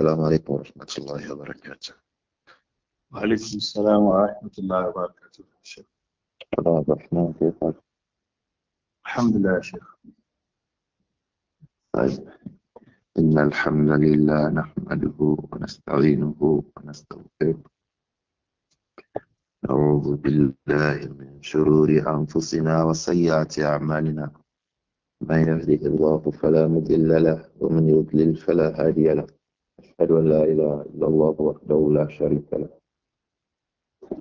السلام عليكم ورحمة الله وبركاته وعليكم السلام ورحمة الله وبركاته شيخ الله الرحمن حالك؟ الحمد لله يا شيخ طيب إن الحمد لله نحمده ونستعينه ونستغفره نعوذ بالله من شرور أنفسنا وسيئات أعمالنا من يهده الله فلا مضل له ومن يضلل فلا هادي له أشهد أن لا إله إلا الله وحده لا شريك له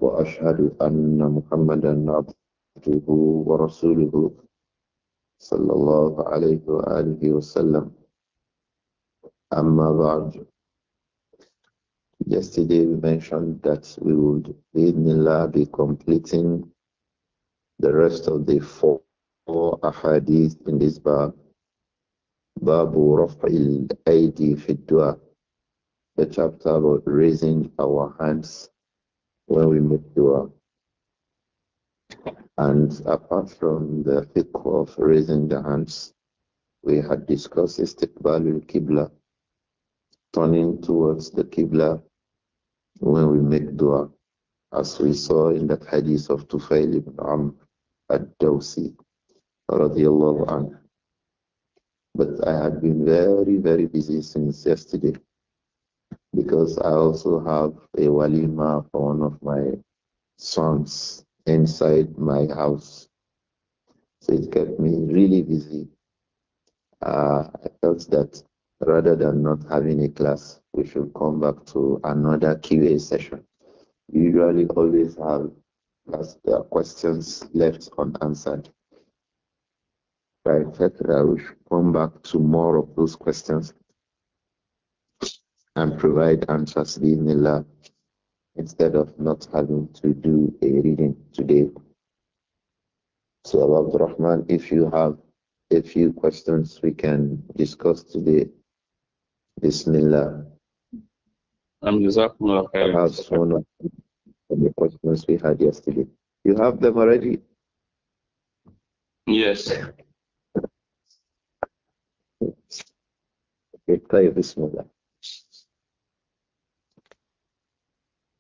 وأشهد أن محمدا عبده ورسوله صلى الله عليه وآله وسلم أما بعد Yesterday we mentioned that we would Allah be completing the rest of the four, four ahadith in this bar. Babu Rafa'il Aidi في الدعاء the chapter about raising our hands when we make dua. And apart from the fiqh of raising the hands, we had discussed istiqbal al-qibla, turning towards the qibla when we make dua, as we saw in the hadith of Tufail ibn Amr al dawsi radiallahu anhu. But I had been very, very busy since yesterday because I also have a walima for one of my sons inside my house. So it kept me really busy. Uh, I felt that rather than not having a class, we should come back to another QA session. We usually always have uh, questions left unanswered. But I felt I should come back to more of those questions and provide answers Allah. Uh, instead of not having to do a reading today. So Abu Rahman, if you have a few questions we can discuss today, Bismillah. I'm um, Perhaps one of the questions we had yesterday. You have them already? Yes. Okay, Bismillah.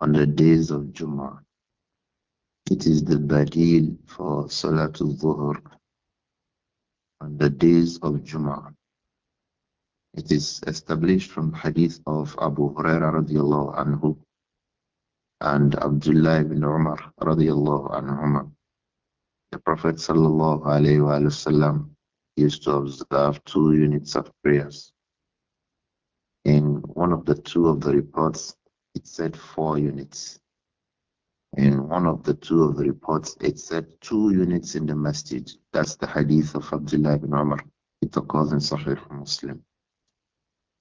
on the days of Jummah. It is the badil for Salatul Dhuhr on the days of Jummah. It is established from hadith of Abu Hurairah radiallahu anhu and Abdullah ibn Umar radiallahu anhu. The Prophet sallallahu alayhi wa sallam used to observe two units of prayers. In one of the two of the reports, it said four units. In one of the two of the reports, it said two units in the masjid. That's the hadith of Abdullah ibn Umar. It occurs in Sahih Muslim.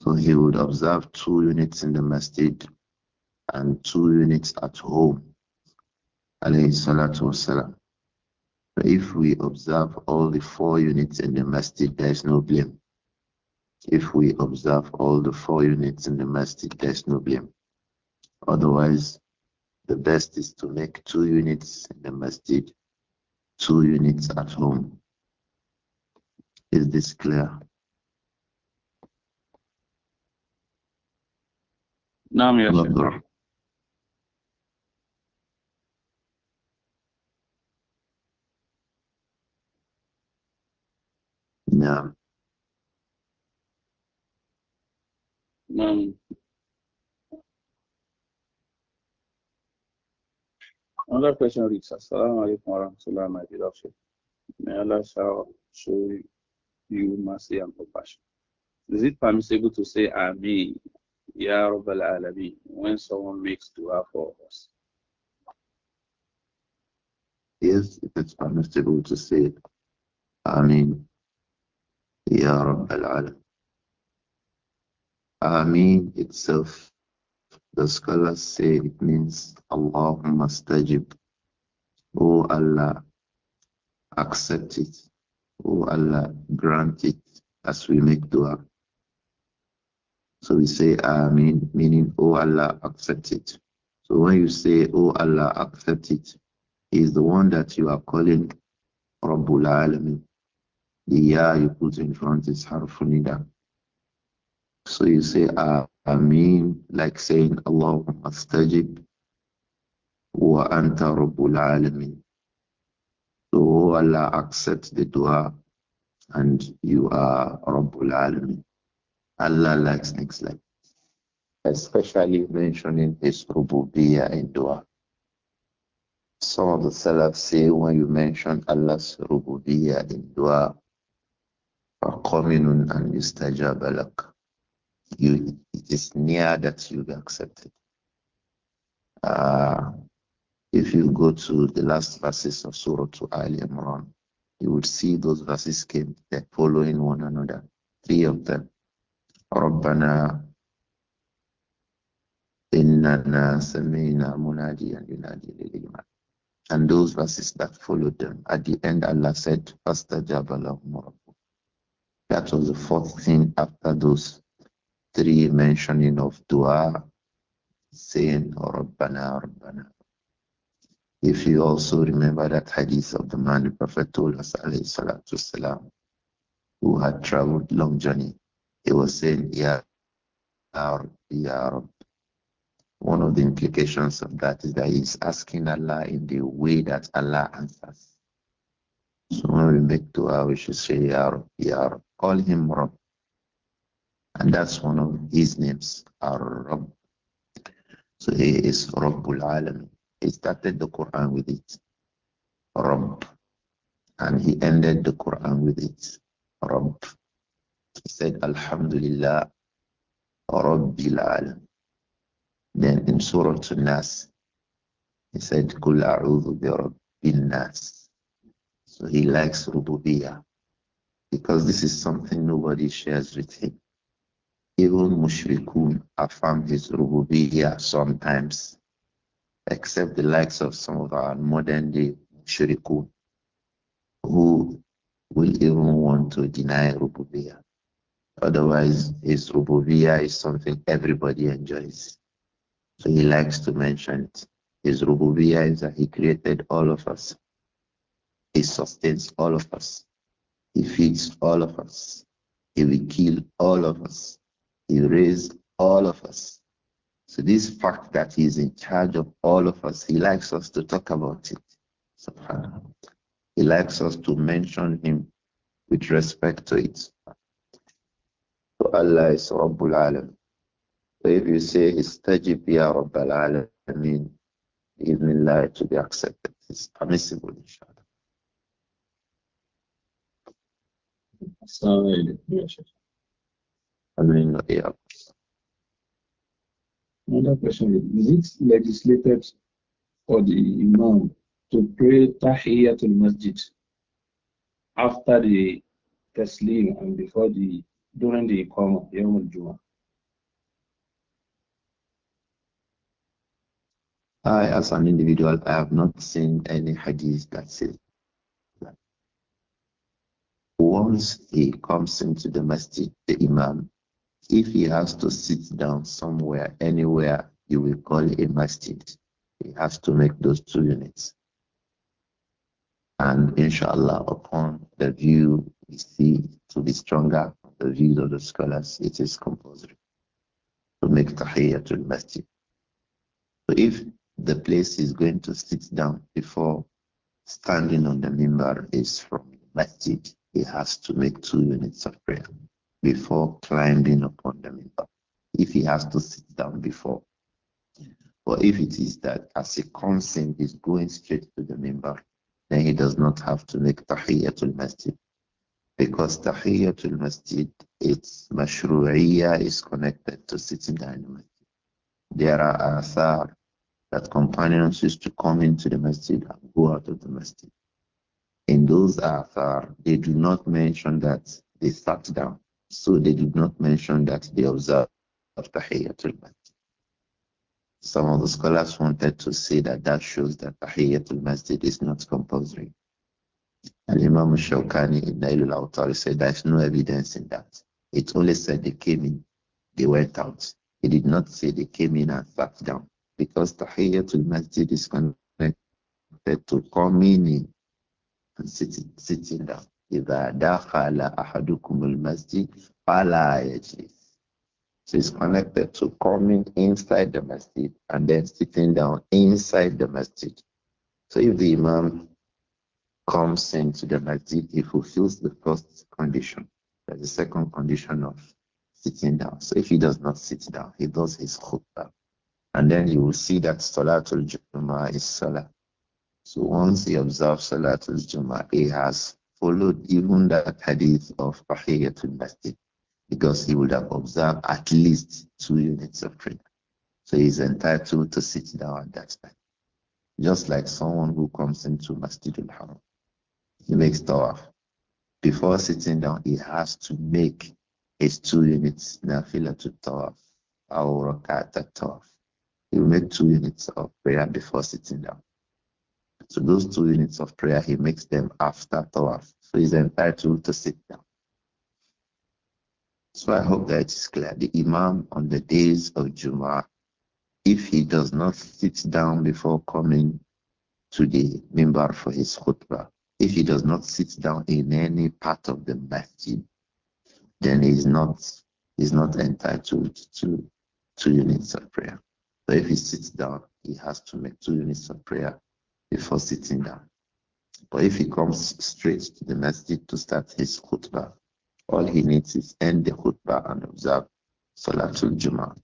So he would observe two units in the masjid and two units at home. Alayhi salatu wasalam. But if we observe all the four units in the masjid, there is no blame. If we observe all the four units in the masjid, there is no blame. Otherwise, the best is to make two units in the masjid, two units at home. Is this clear? نعم يا شيخ نعم Another question reads, Assalamu alaikum wa rahmatullahi wa barakatuh. May Allah shall show you mercy and compassion. Is it permissible to say Ameen, Ya Rabbal Alameen, when someone makes dua for us? Yes, it is permissible to say Ameen, Ya Rabbal Alameen. Ameen itself the scholars say it means Allahumma stajib. Oh Allah, accept it. Oh Allah, grant it as we make dua. So we say amin, meaning Oh Allah, accept it. So when you say Oh Allah, accept it, is the one that you are calling Rabbul Alamin. The Ya you put in front is Harfunida. So you say ah, Ameen, like saying, Allahumma astajib wa anta rabbul alamin. So Allah accepts the dua and you are rabbul alamin. Allah likes next like especially mentioning his rububiyya in dua. Some of the salaf say when you mention Allah's rububiyya in dua, فَقَمِنٌ أَنْ يُسْتَجَابَ لَكَ you it is near that you'll be accepted. Uh, if you go to the last verses of Surah to Ali Imran, you would see those verses came they're following one another, three of them. ربنا إننا سمعنا مناديا ينادي للإيمان and those verses that followed them at the end Allah said فاستجاب لهم that was the fourth thing after those three mentioning of dua, saying oh, Rabbana, Rabbana. If you also remember that hadith of the man the Prophet told us, والسلام, who had traveled long journey, he was saying, Ya Arab, Ya Rab. One of the implications of that is that he's asking Allah in the way that Allah answers. So when we make dua, we should say, Ya Rab, Ya Rab. Call him Rab. And that's one of his names, Ar-Rabb. So he is Rabbul Alam. He started the Quran with it, Rabb. And he ended the Quran with it, Rabb. He said, Alhamdulillah, Rabbil Alam. Then in Surah An-Nas, he said, Kul a'udhu bi Rabbil Nas. So he likes Rububiyah because this is something nobody shares with him. Even mushrikun affirm his rububiyyah sometimes, except the likes of some of our modern day mushrikun who will even want to deny rububiyyah. Otherwise, his rububiyyah is something everybody enjoys. So he likes to mention it. His rububiyyah is that he created all of us. He sustains all of us. He feeds all of us. He will kill all of us. He raised all of us. So this fact that he is in charge of all of us, he likes us to talk about it. He likes us to mention him with respect to it. So Allah is Rabbul Alam. So if you say Istajib Ya Rabbul Alam, I mean, even lie to be accepted. It's permissible, inshallah. Sorry yeah. Another question is it legislated for the Imam to pray Tahiyatul Masjid after the Taslim and before the during the Iqamah, Yawm al Jum'ah? I, as an individual, I have not seen any hadith that says that. Once he comes into the masjid, the imam, if he has to sit down somewhere, anywhere, you will call a masjid. He has to make those two units. And inshallah, upon the view we see to be stronger, the views of the scholars, it is compulsory to make the masjid. So if the place is going to sit down before standing on the member is from masjid, he has to make two units of prayer before climbing upon the member, if he has to sit down before. But if it is that as he comes in, he's going straight to the member, then he does not have to make tahiyatul Masjid. Because tahiyatul Masjid, its mashru'iyya is connected to sitting down in masjid. There are athar that companions used to come into the masjid and go out of the masjid. In those athar, they do not mention that they sat down. So they did not mention that they observed Tahiyyatul Masjid. Some of the scholars wanted to say that that shows that Tahiyyatul Masjid is not compulsory. And Imam Shawkani in Nailul Autar said there's no evidence in that. It only said they came in, they went out. He did not say they came in and sat down because Tahiyyatul Masjid is connected to coming in and sitting, sitting down. إذا دخل أحدكم المسجد فلا يجلس so it's connected to coming inside the masjid and then sitting down inside the masjid. So if the imam comes into the masjid, he fulfills the first condition. There's a second condition of sitting down. So if he does not sit down, he does his khutbah. And then you will see that Salatul Jummah is Salah. So once he observes Salatul Jummah, he has followed even that hadith of Tahiyatul Masjid because he would have observed at least two units of prayer. So he's entitled to sit down at that time. Just like someone who comes into Masjid al-Haram, he makes tawaf. Before sitting down, he has to make his two units nafila to tawaf, or rakat tawaf. He will make two units of prayer before sitting down. So those two units of prayer, he makes them after tawaf. So he's entitled to sit down. So I hope that it's clear. The Imam on the days of Jum'ah, if he does not sit down before coming to the mimbar for his khutbah, if he does not sit down in any part of the masjid, then he's not he's not entitled to two units of prayer. So if he sits down, he has to make two units of prayer before sitting down. But if he comes straight to the masjid to start his khutbah, all he needs is end the khutbah and observe Salatul Jummah.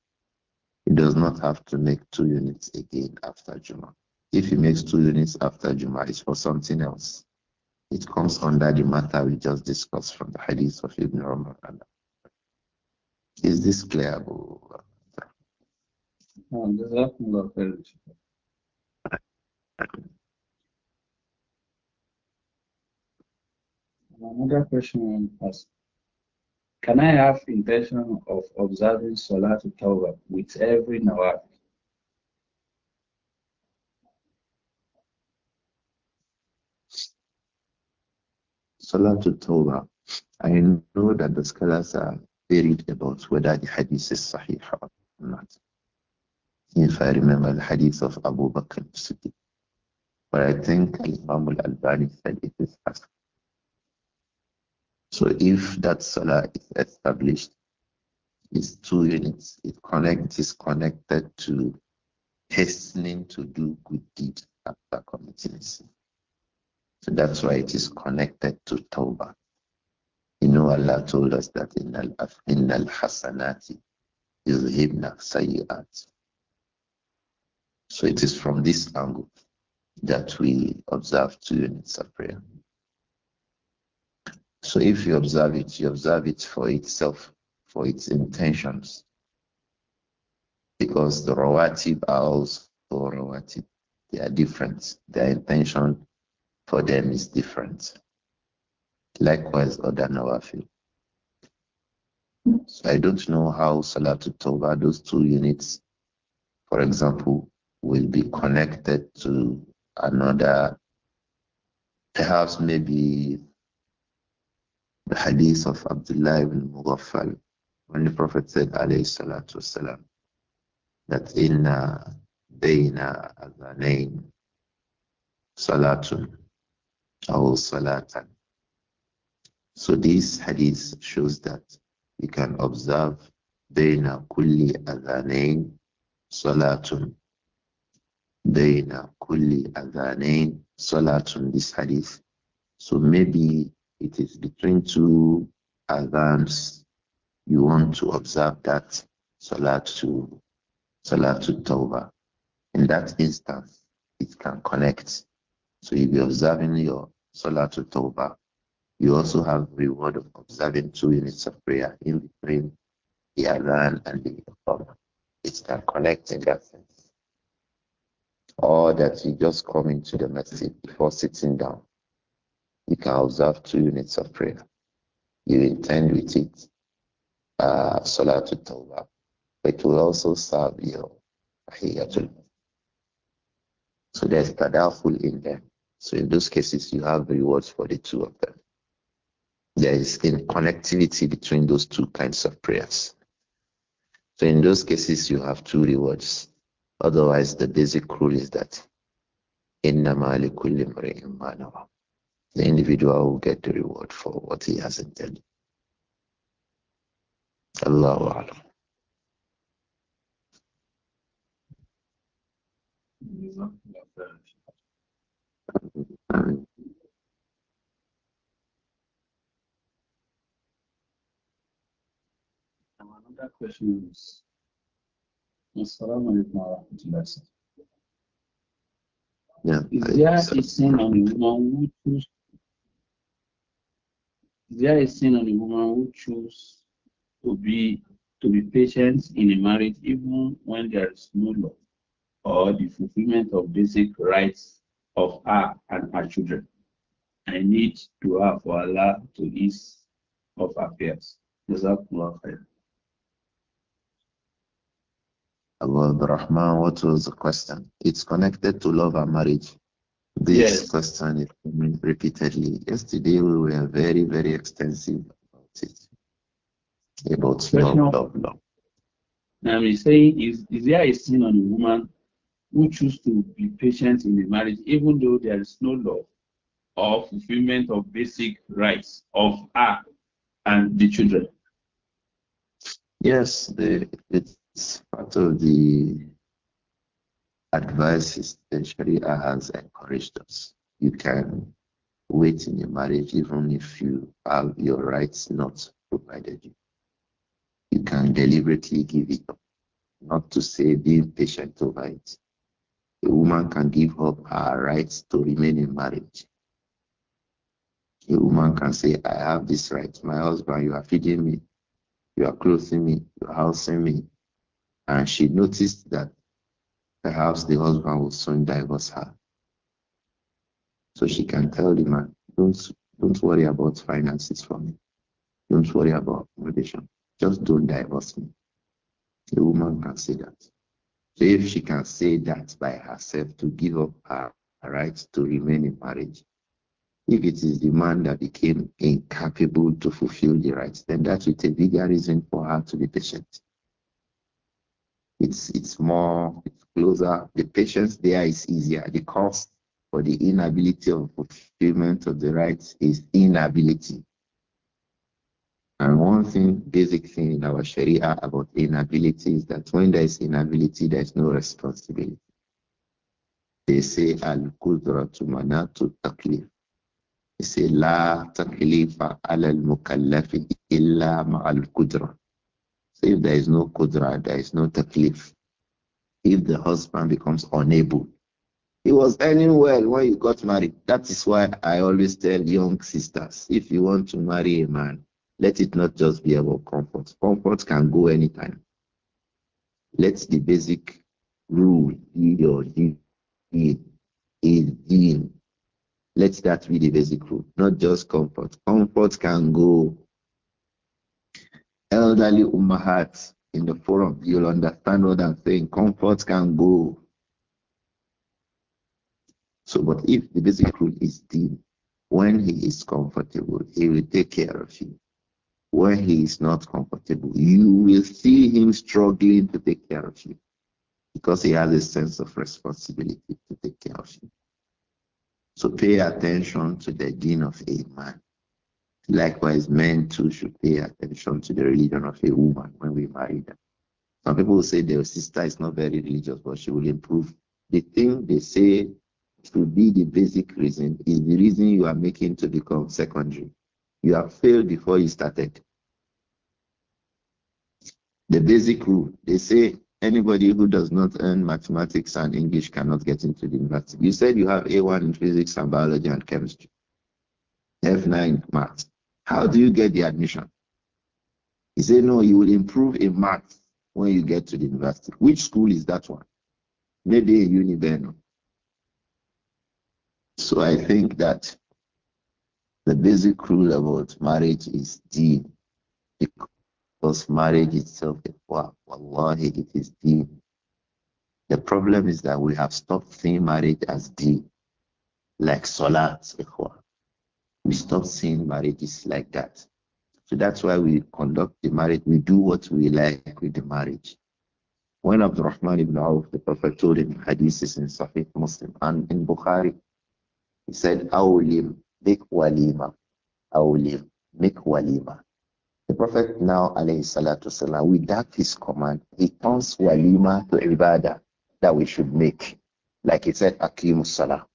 He does not have to make two units again after Jummah. If he makes two units after Jummah, it's for something else. It comes under the matter we just discussed from the hadith of Ibn Umar. Is this clear, Abu? Another question is, can I have intention of observing Salat Tawbah with every Nawab? Salat Tawbah. I know that the scholars are worried about whether the hadith is sahih or not. If I remember the hadith of Abu Bakr Siddiq, but I think Imam al-Albani said it is as so if that solar is established, it's two units. It connects is connected to hastening to do good deeds after committing sin. So that's why it is connected to Tawbah. You know, Allah told us that in al in al hasanati yuzhibna sayyat. So it is from this angle that we observe two units of prayer. So if you observe it, you observe it for itself, for its intentions. Because the rawatib are also rawatib. They are different. Their intention for them is different. Likewise, other nawafil. So I don't know how Salatul Tawbah, those two units, for example, will be connected to another, perhaps maybe the hadith of Abdullah ibn Mughaffal when the Prophet said, alayhi salatu wasalam, that inna bayna adhanain salatun aw salatan. So this hadith shows that you can observe bayna kulli adhanain salatun. Bayna kulli adhanain salatun, this hadith. So maybe it is between two adhans, you want to observe that to salah to Tawbah. In that instance, it can connect. So if you are observing your to Tawbah. You also have reward of observing two units of prayer in between the adhan and the tawbah. It can connect in that sense. Or that you just come into the masjid before sitting down you can observe two units of prayer. You intend with it uh, Salatul Tawbah, but it will also serve your Tahiyatul. So there's Tadaful in there. So in those cases, you have rewards for the two of them. There is in connectivity between those two kinds of prayers. So in those cases, you have two rewards. Otherwise, the basic rule is that إنما لكل امرئ ما نوى the individual will get the reward for what he has intended. Allahu Alam. Another question is Assalamu alaikum wa rahmatullahi Is there a sin on a woman who chooses there is sin on a woman who chooses to be to be patient in a marriage even when there is no love, or the fulfillment of basic rights of her and her children. I need to have for Allah to ease of affairs. Jazakumullah khair. Abu Rahman, what was the question? It's connected to love and marriage. This yes. question is coming repeatedly. Yesterday we were very, very extensive about it. About love, love, love. Now he's saying, is, is there a sin on a woman who chooses to be patient in a marriage even though there is no love or fulfillment of basic rights of her and the children? Yes, the, it's part of the advices that Sharia has encouraged us. You can wait in your marriage even if you have your rights not provided you. You can deliberately give it up, not to say being patient over it. A woman can give up her rights to remain in marriage. A woman can say, I have this right. My husband, you are feeding me, you are clothing me, you are housing me. And she noticed that Perhaps the husband will soon divorce her. So she can tell the man, don't, don't worry about finances for me. Don't worry about accommodation. Just don't divorce me. The woman can say that. So if she can say that by herself to give up her rights to remain in marriage, if it is the man that became incapable to fulfill the rights, then that's a bigger reason for her to be patient. It's it's more closer, the patience there is easier. The cost for the inability of fulfillment of the rights is inability. And one thing, basic thing in our Sharia about inability is that when there is inability, there is no responsibility. They say al qudratu manatu taklif. They say la taklifa al mukallaf illa ma al kudra. So if there is no kudra, there is no taklif if the husband becomes unable. He was earning well when you got married. That is why I always tell young sisters if you want to marry a man, let it not just be about comfort. Comfort can go anytime. Let the basic rule be your deal. Let that be the basic rule, not just comfort. Comfort can go. Elderly ummahat, in the forum, you'll understand what I'm saying. Comfort can go. So, but if the basic rule is deep, when he is comfortable, he will take care of you. When he is not comfortable, you will see him struggling to take care of you because he has a sense of responsibility to take care of you. So pay attention to the gain of a man. Likewise, men too should pay attention to the religion of a woman when we marry them. Some people say their sister is not very religious, but she will improve. The thing they say should be the basic reason is the reason you are making to become secondary. You have failed before you started. The basic rule they say anybody who does not earn mathematics and English cannot get into the university. You said you have A1 in physics and biology and chemistry, F9 math. How do you get the admission? He said, No, you will improve in math when you get to the university. Which school is that one? Maybe in Univeno. So I think that the basic rule about marriage is deen. Because marriage itself is wow, wallahi, it is deen. The problem is that we have stopped seeing marriage as deen, like salat, ikhwa we stop seeing marriages like that. So that's why we conduct the marriage. We do what we like with the marriage. When Abdurrahman ibn Auf, the Prophet told him, hadith is in Sahih Muslim and in Bukhari, he said, Awlim, make walima. Awlim, make walima. The Prophet now, alayhi salatu salam, without his command, he turns walima to ibadah that we should make. Like he said, "Akhi salah,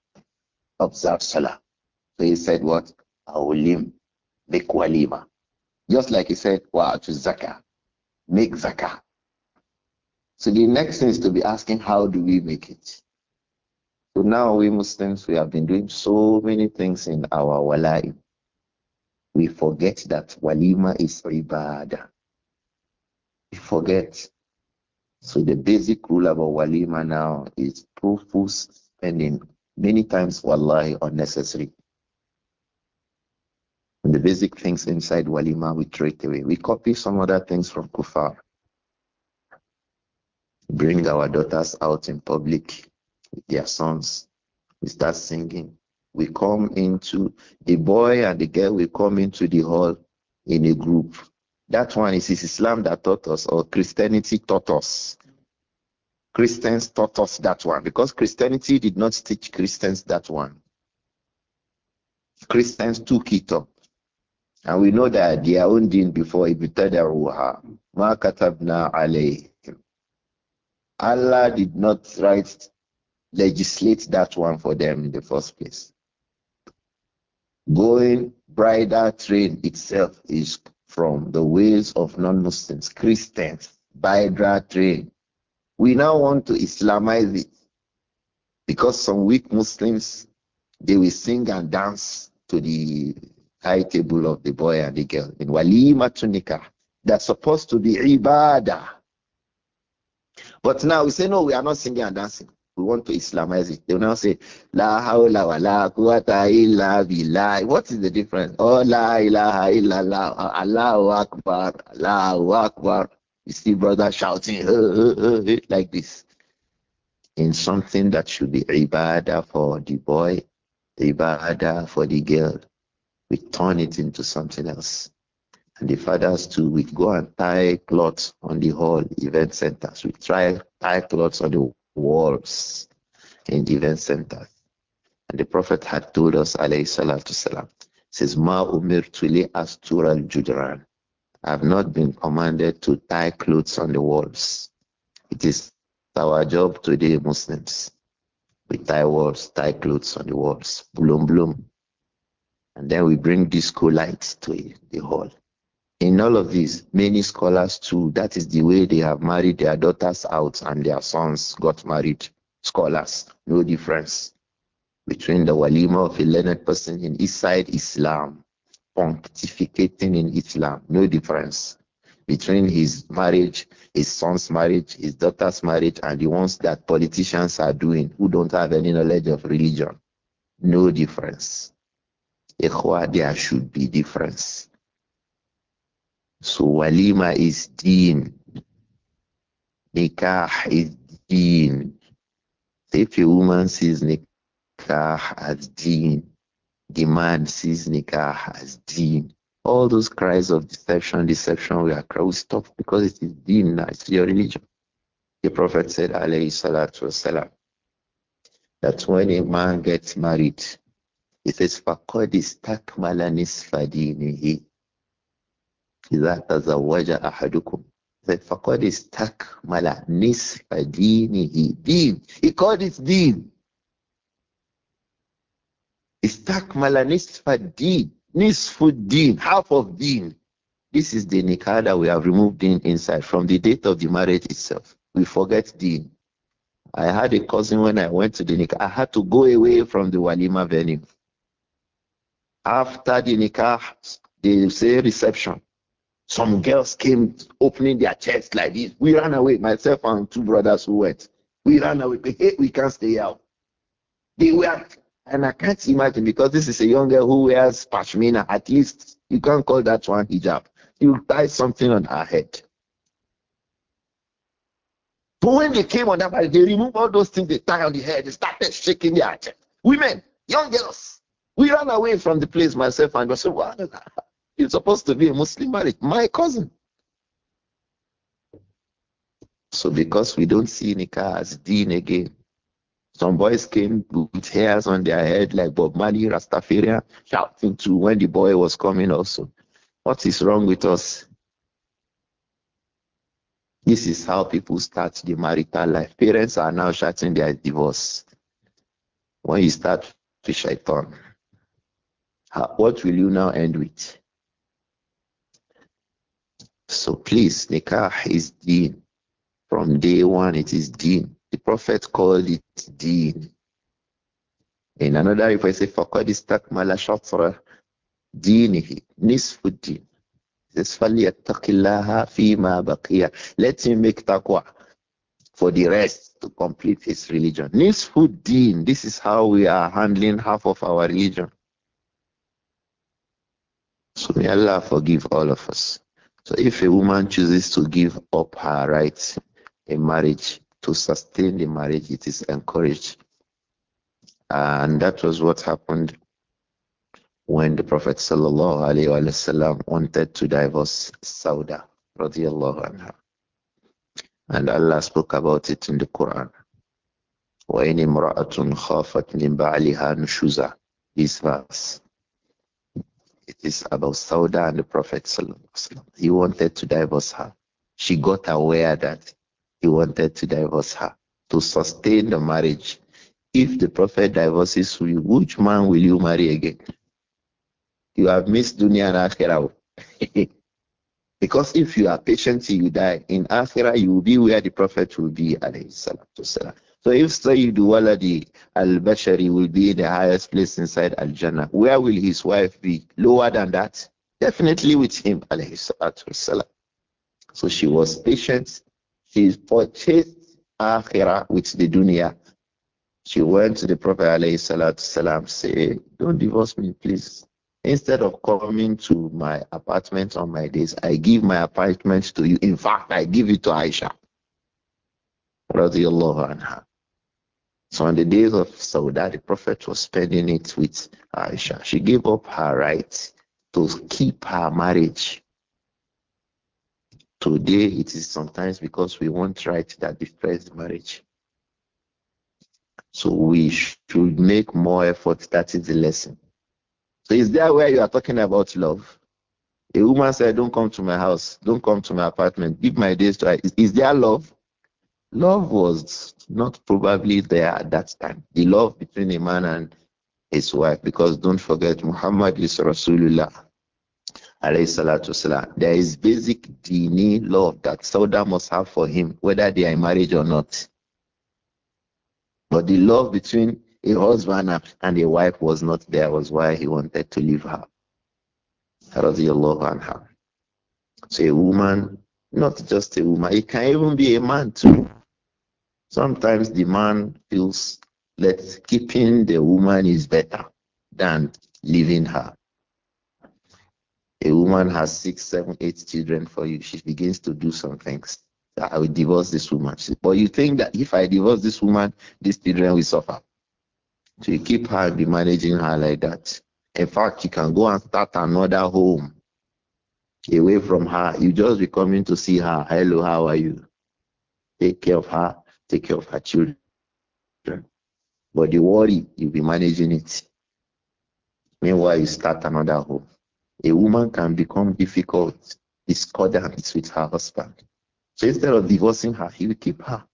observe salah. So he said what? aulim make walima. Just like he said, wa to zakah, make zakah. So the next thing is to be asking, how do we make it? So now we Muslims, we have been doing so many things in our wala'i. We forget that walima is ibadah. We forget. So the basic rule about walima now is profuse spending, many times wallahi unnecessary. And the basic things inside Walima we trade away. We copy some other things from Kufar. Bring our daughters out in public with their sons. We start singing. We come into the boy and the girl, we come into the hall in a group. That one is Islam that taught us, or Christianity taught us. Christians taught us that one because Christianity did not teach Christians that one. Christians took it up. And we know that their own deen before ibtadaruha ma katabna alayhim. Allah did not write legislate that one for them in the first place. Going bridal train itself is from the ways of non-Muslims, Christians, bridal train. We now want to Islamize it because some weak Muslims they will sing and dance to the high table of the boy and the girl in walima tunika. That's supposed to be ibadah. But now we say, no, we are not singing and dancing. We want to Islamize it. They will now say, La hawla wa la quwwata illa billah. What is the difference? Oh, la ilaha illallah. Allahu akbar. Allahu akbar. You see brother shouting like this. In something that should be ibadah for the boy, ibadah for the girl, we turn it into something else. And the fathers too, we go and tie cloths on the hall event centers. We try tie cloths on the walls in the event centers. And the Prophet had told us, alayhi salatu salam, says, Ma umir tuli tural judran. I have not been commanded to tie clothes on the walls. It is our job today, Muslims. We tie walls, tie clothes on the walls. Bloom, bloom. And then we bring disco lights to the hall. In all of these, many scholars too, that is the way they have married their daughters out and their sons got married. Scholars, no difference between the walima of a learned person in inside Islam, pontificating in Islam, no difference between his marriage, his son's marriage, his daughter's marriage, and the ones that politicians are doing who don't have any knowledge of religion. No difference. Ikhwa, there should be difference. So walima is deen. Nikah is deen. If a woman sees nikah as deen, the man sees nikah as deen. All those cries of deception, deception, we are cross. stop because it is deen, it's your religion. The Prophet said, alayhi salatu wasalam, that when a man gets married, he says, فَقَدْ اسْتَكْمَلَ نِصْفَ دِينِهِ إِذَا تَزَوَّجَ أَحَدُكُمْ فَقَدْ اسْتَكْمَلَ نِصْفَ دِينِهِ Deen. He called it deen. Istakmala nisfa deen. Nisfu din, Half of deen. This is the nikah that we have removed deen inside from the date of the marriage itself. We forget deen. I had a cousin when I went to the nikah. I had to go away from the walima venue. After the nikah, they say reception. Some girls came opening their chests like this. We ran away, myself and two brothers who went. We ran away. Hey, we can't stay out. They were, and I can't imagine because this is a young girl who wears pashmina. At least you can't call that one hijab. You tie something on her head. But when they came on that body, they removed all those things they tie on the head. They started shaking their head. Women, young girls, we ran away from the place, myself and said, subhanallah. It's supposed to be a Muslim marriage. My cousin. So because we don't see Nikah as deen again, some boys came with hairs on their head like Bob Marley, Rastafarian, shouting to when the boy was coming also. What is wrong with us? This is how people start the marital life. Parents are now shouting their divorce. When you start to shaitan, what will you now end with? So please, nikah is deen. From day one, it is deen. The Prophet called it deen. In another, if I say faqad istakmala shatra nisfu din. This falyattaqillaha fima baqiya. Let him make taqwa for the rest to complete his religion. Nisfu din. This is how we are handling half of our religion. So may Allah forgive all of us. So if a woman chooses to give up her rights in marriage to sustain the marriage, it is encouraged. And that was what happened when the Prophet وسلم, wanted to divorce Sauda anha. And Allah spoke about it in the Quran. وَإِنِ امْرَأَةٌ خَافَتْ مِنْ بَعْلِهَا نُشُوزًا This verse. It is about Sauda and the Prophet. He wanted to divorce her. She got aware that he wanted to divorce her to sustain the marriage. If the Prophet divorces you, which man will you marry again? You have missed dunya and akhirah. Oh. because if you are patient till you die, in akhirah you will be where the Prophet will be. So if Sayyid Waladi al-Bashari will be in the highest place inside Al-Jannah, where will his wife be? Lower than that? Definitely with him, alayhi salatu wasalam. So she was patient. She purchased akhirah with the dunya. She went to the Prophet alayhi salatu salam, say, don't divorce me, please. Instead of coming to my apartment on my days, I give my apartment to you. In fact, I give it to Aisha. Radiallahu anha. So in the days of Sauda, the Prophet was spending it with Aisha. She gave up her right to keep her marriage. Today, it is sometimes because we want right that defends marriage. So we should make more effort. That is the lesson. So is there where you are talking about love? A woman said, "Don't come to my house. Don't come to my apartment. Give my days to." Her. Is, is there love? Love was not probably there at that time. The love between a man and his wife, because don't forget, Muhammad is Rasulullah. There is basic dini love that Sauda must have for him, whether they are in marriage or not. But the love between a husband and a wife was not there, was why he wanted to leave her. So a woman, not just a woman, it can even be a man too. Sometimes the man feels that keeping the woman is better than leaving her. A woman has six, seven, eight children for you. She begins to do some things. I will divorce this woman. She, but you think that if I divorce this woman, these children will suffer. So you keep her and be managing her like that. In fact, you can go and start another home away from her. You just be coming to see her. Hello, how are you? Take care of her take care of her children. But the worry, you'll be managing it. Meanwhile, you start another home. A woman can become difficult, discordant with her husband. So instead of divorcing her, he will keep her.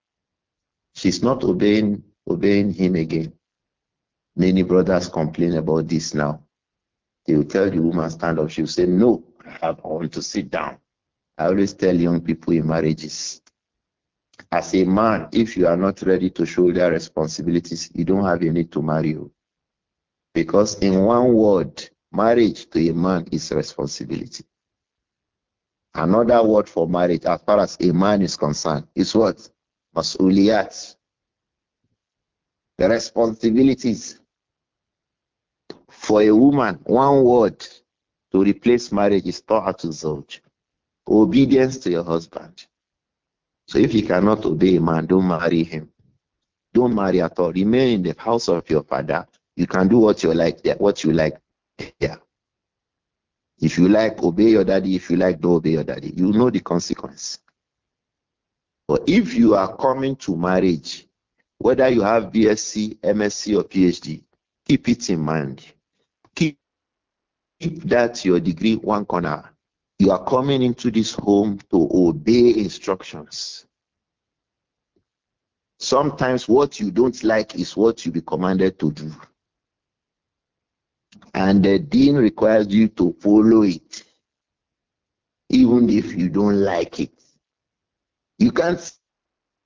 She's not obeying obeying him again. Many brothers complain about this now. They will tell the woman, stand up. She'll say, No, I want to sit down. I always tell young people in marriages, as a man, if you are not ready to shoulder responsibilities, you don't have a need to marry you. Because in one word, marriage to a man is responsibility. Another word for marriage, as far as a man is concerned, is what? Masuliyat. The responsibilities for a woman, one word to replace marriage is ta'atul zawj, obedience to your husband. So if you cannot obey a man, don't marry him. Don't marry at all. Remain in the house of your father. You can do what you like there, what you like there. If you like, obey your daddy. If you like, don't obey your daddy. You know the consequence. But if you are coming to marriage, whether you have BSc, MSc, or PhD, keep it in mind. Keep, keep that your degree one corner you are coming into this home to obey instructions. Sometimes what you don't like is what you be commanded to do. And the dean requires you to follow it, even if you don't like it. You can't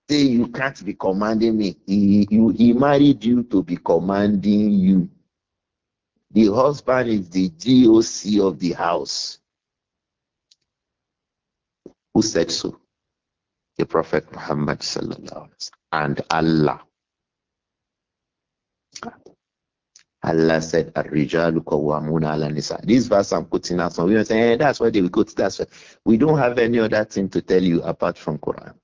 say you can't be commanding me. He, you, he married you to be commanding you. The husband is the GOC of the house. Who said so? The Prophet Muhammad and Allah. Allah said, Ar-rijalu qawwamuna nisa. This verse I'm quoting out some people say, hey, that's why they will quote that's why. We don't have any other thing to tell you apart from Quran.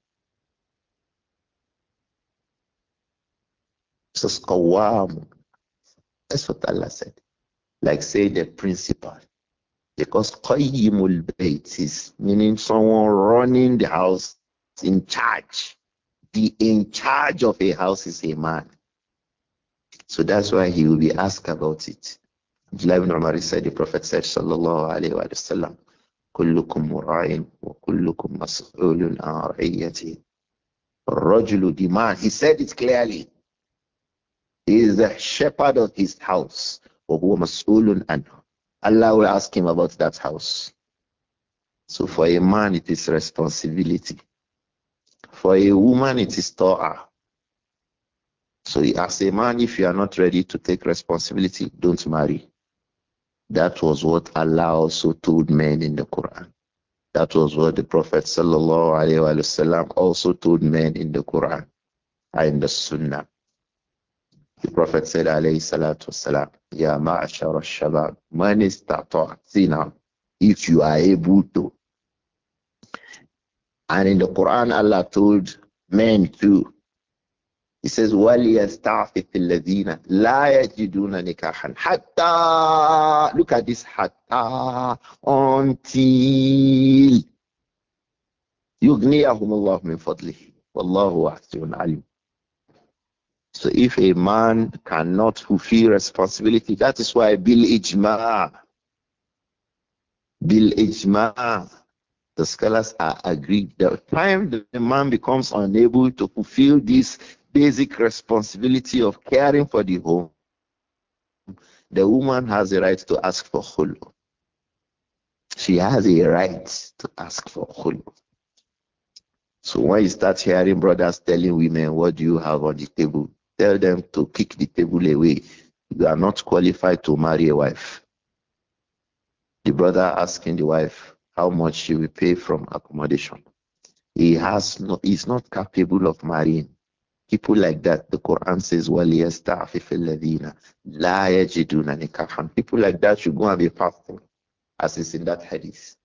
So qawwam. That's what Allah said. Like say the principal. Because koi Bayt is meaning someone running the house in charge. The in charge of a house is a man. So that's why he will be asked about it. ibn Umar said, the Prophet said, Sallallahu Alaihi Wasallam, كلكم مراع وكلكم مسؤول عن رعيته الرجل the man he said it clearly he is the shepherd of his house وهو مسؤول عنه Allah will ask him about that house. So for a man, it is responsibility. For a woman, it is ta'ah. So as a man, if you are not ready to take responsibility, don't marry. That was what Allah also told men in the Quran. That was what the Prophet wasallam also told men in the Quran and the Sunnah. The Prophet said, alayhi salatu wasalam, Ya ma'ashar al-shabab, man istata'atina, if you are able to. And in the Quran, Allah told men too, he says, وَلْيَسْتَعْفِفِ الَّذِينَ لَا يَجِدُونَ نِكَاحًا حَتَّى Look at this, حَتَّى Until يُغْنِيَهُمُ اللَّهُ مِنْ فَضْلِهِ وَاللَّهُ وَاسِعٌ عَلِيمٌ so if a man cannot fulfill responsibility, that is why bil ijma, bil ijma, the scholars are agreed. The time the man becomes unable to fulfill this basic responsibility of caring for the home, the woman has a right to ask for khulu. She has a right to ask for khulu. So when you start hearing brothers telling women, what do you have on the table? Tell them to kick the table away. You are not qualified to marry a wife. The brother asking the wife how much she will pay from accommodation. He has no, he's not capable of marrying. People like that, the Quran says, la People like that should go and be fasting, as is in that hadith.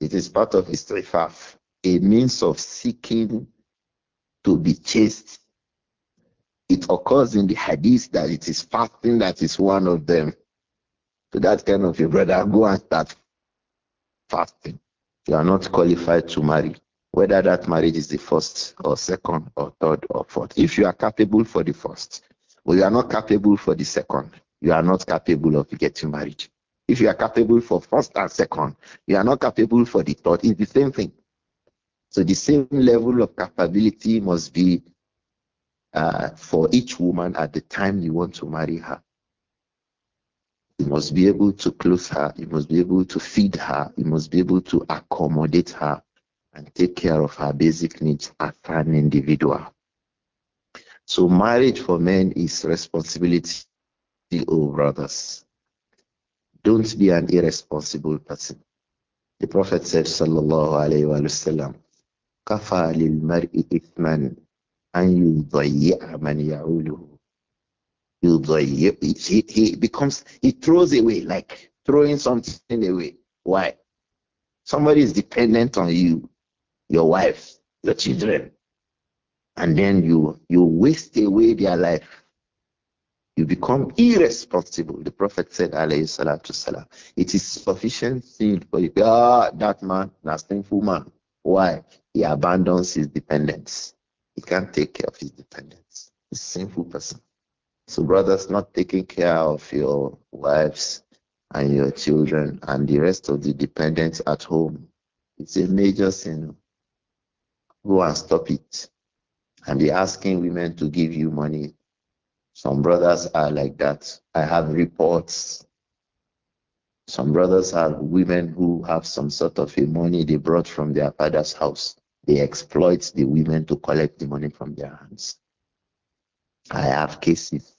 It is part of istrifaf, a means of seeking to be chaste it occurs in the hadith that it is fasting that is one of them. so that kind of a brother, go and start fasting. You are not qualified to marry, whether that marriage is the first or second or third or fourth. If you are capable for the first, but you are not capable for the second, you are not capable of getting married. If you are capable for first and second, you are not capable for the third. It's the same thing. So the same level of capability must be uh, for each woman at the time you want to marry her. You must be able to clothe her, you must be able to feed her, you must be able to accommodate her and take care of her basic needs as an individual. So, marriage for men is responsibility, oh brothers. Don't be an irresponsible person. The Prophet said, Sallallahu Alaihi Wasallam, Kafa lil mar'i ithman and you man yauluhu. You he, he becomes he throws away like throwing something away. Why? Somebody is dependent on you, your wife, your children, and then you you waste away their life. You become irresponsible. The Prophet said, alayhi salatu salam, it is sufficient seed for you. Ah, that man, that sinful man. Why? He abandons his dependence he can't take care of his dependents. He's a sinful person. So, brothers, not taking care of your wives and your children and the rest of the dependents at home, it's a major sin. Go and stop it. And be asking women to give you money. Some brothers are like that. I have reports. Some brothers are women who have some sort of a money they brought from their father's house they exploit the women to collect the money from their hands. I have cases.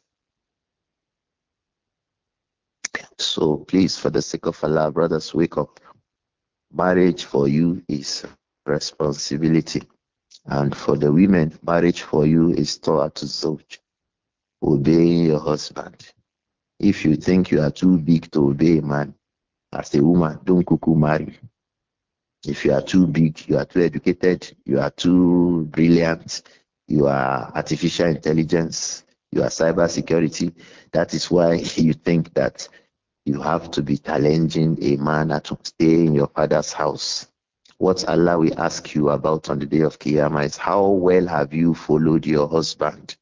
So please, for the sake of Allah, brothers, wake up. Marriage for you is responsibility. And for the women, marriage for you is Torah to obey obeying your husband. If you think you are too big to obey a man, as a woman, don't cuckoo marry. If you are too big, you are too educated, you are too brilliant, you are artificial intelligence, you are cyber security. That is why you think that you have to be challenging a man to stay in your father's house. What Allah will ask you about on the day of Qiyamah is how well have you followed your husband?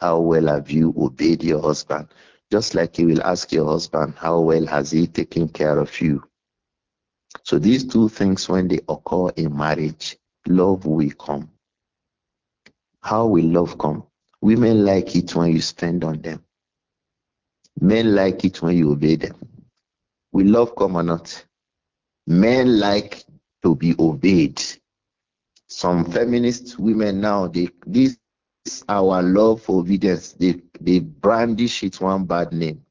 How well have you obeyed your husband? Just like He will ask your husband, how well has he taken care of you? So these two things, when they occur in marriage, love will come. How will love come? Women like it when you spend on them. Men like it when you obey them. Will love come or not? Men like to be obeyed. Some feminist women now, they this our love for obedience. They they brandish it one bad name.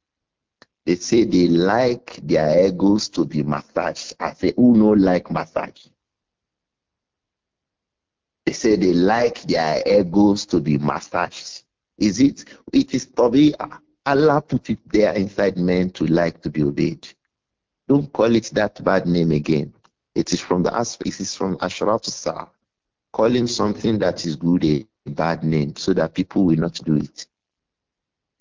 They say they like their egos to be massaged. I say, who no like massage? They say they like their egos to be massaged. Is it? It is probably Allah put it there inside men to like to be obeyed. Don't call it that bad name again. It is from the aspect. It is from Ashraf Sa. Calling something that is good a bad name so that people will not do it.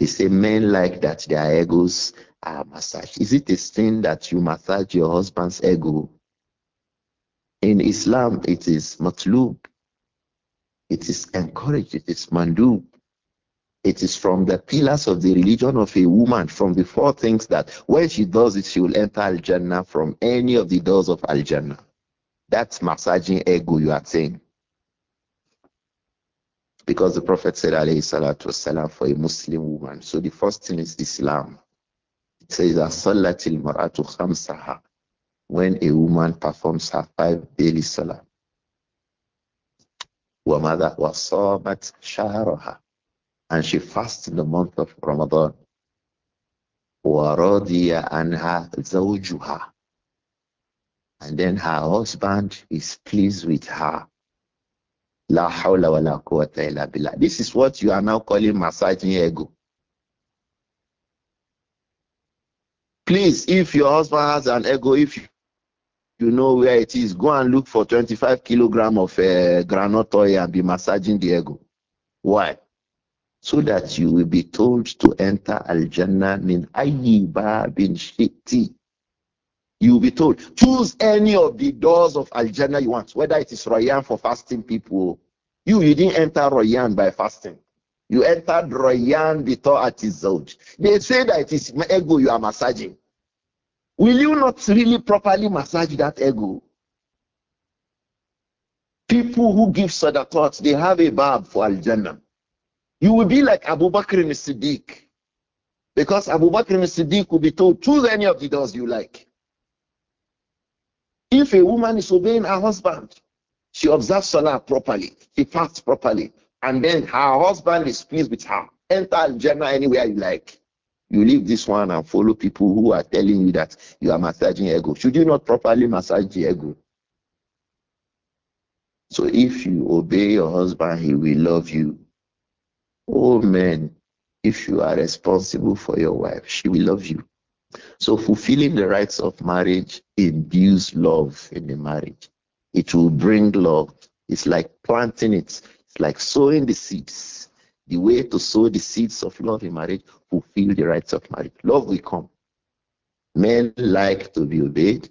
They say men like that their egos are massaged. Is it a sin that you massage your husband's ego? In Islam, it is matlub. It is encouraged. It is mandub. It is from the pillars of the religion of a woman, from the four things that when she does it, she will enter Al Jannah from any of the doors of Al Jannah. That's massaging ego you are saying. Because the Prophet said, alayhi salatu wasalam, for a Muslim woman. So the first thing is Islam. It says, Salatil maratu khamsaha. When a woman performs her five daily salah. وَمَذَا وَصَامَتْ شَهَرَهَا And she fasts in the month of Ramadan. وَرَضِيَ anha زَوْجُهَا And then her husband is pleased with her. La hawla wa la quwwata illa billah. This is what you are now calling massaging ego. Please, if your husband has an ego, if you know where it is, go and look for 25 kilogram of uh, granite oil and be massaging the ego. Why? So that you will be told to enter Al Jannah min ayyiba bin shiti. You'll be told, choose any of the doors of Al Jannah you want, whether it is Royan for fasting people. You, you didn't enter Royan by fasting. You entered Royan before at his zone. They say that it is ego you are massaging. Will you not really properly massage that ego? People who give sadaqat, they have a barb for Al Jannah. You will be like Abu Bakr and Siddiq. Because Abu Bakr and Siddiq will be told, choose any of the doors you like. If a woman is obeying her husband, she observes Salah properly, she fasts properly, and then her husband is pleased with her. Enter Jannah anywhere you like. You leave this one and follow people who are telling you that you are massaging ego. Should you not properly massage the ego? So if you obey your husband, he will love you. Oh man, if you are responsible for your wife, she will love you. So fulfilling the rights of marriage imbues love in the marriage. It will bring love. It's like planting it. It's like sowing the seeds. The way to sow the seeds of love in marriage, fulfill the rights of marriage. Love will come. Men like to be obeyed.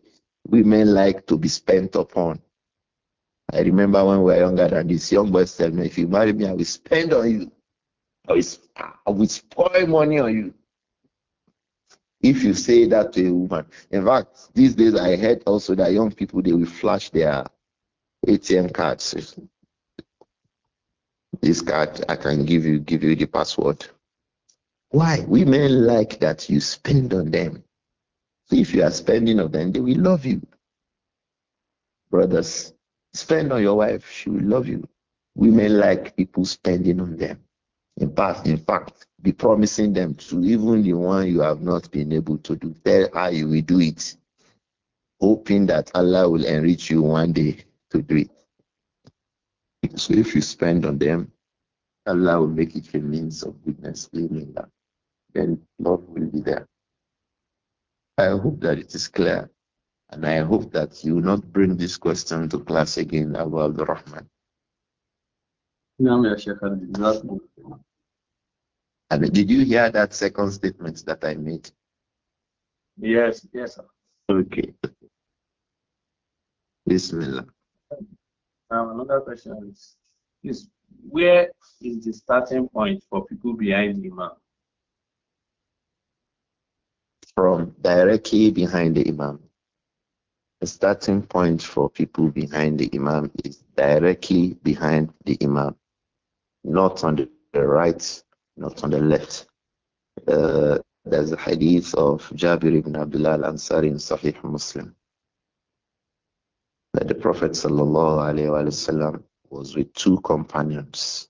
Women like to be spent upon. I remember when we were younger than this, young boy said, me, if you marry me, I will spend on you. I will, I will spoil money on you if you say that to a woman. In fact, these days I heard also that young people they will flash their ATM cards. This card I can give you give you the password. Why? Women like that you spend on them. So if you are spending on them, they will love you. Brothers, spend on your wife, she will love you. Women like people spending on them. In fact, in fact, be promising them to even the one you have not been able to do. Tell how you will do it, hoping that Allah will enrich you one day to do it. So if you spend on them, Allah will make it a means of goodness, then love will be there. I hope that it is clear, and I hope that you will not bring this question to class again, Abu Abdurrahman. نعم يا and did you hear that second statement that I made? Yes, yes, sir. Okay. Bismillah. Now, another question is, is where is the starting point for people behind the Imam? From directly behind the Imam. The starting point for people behind the Imam is directly behind the Imam, not on the right not on the left. Uh, there's a hadith of Jabir ibn Abdullah al-Ansari in Sahih Muslim that the Prophet وسلم, was with two companions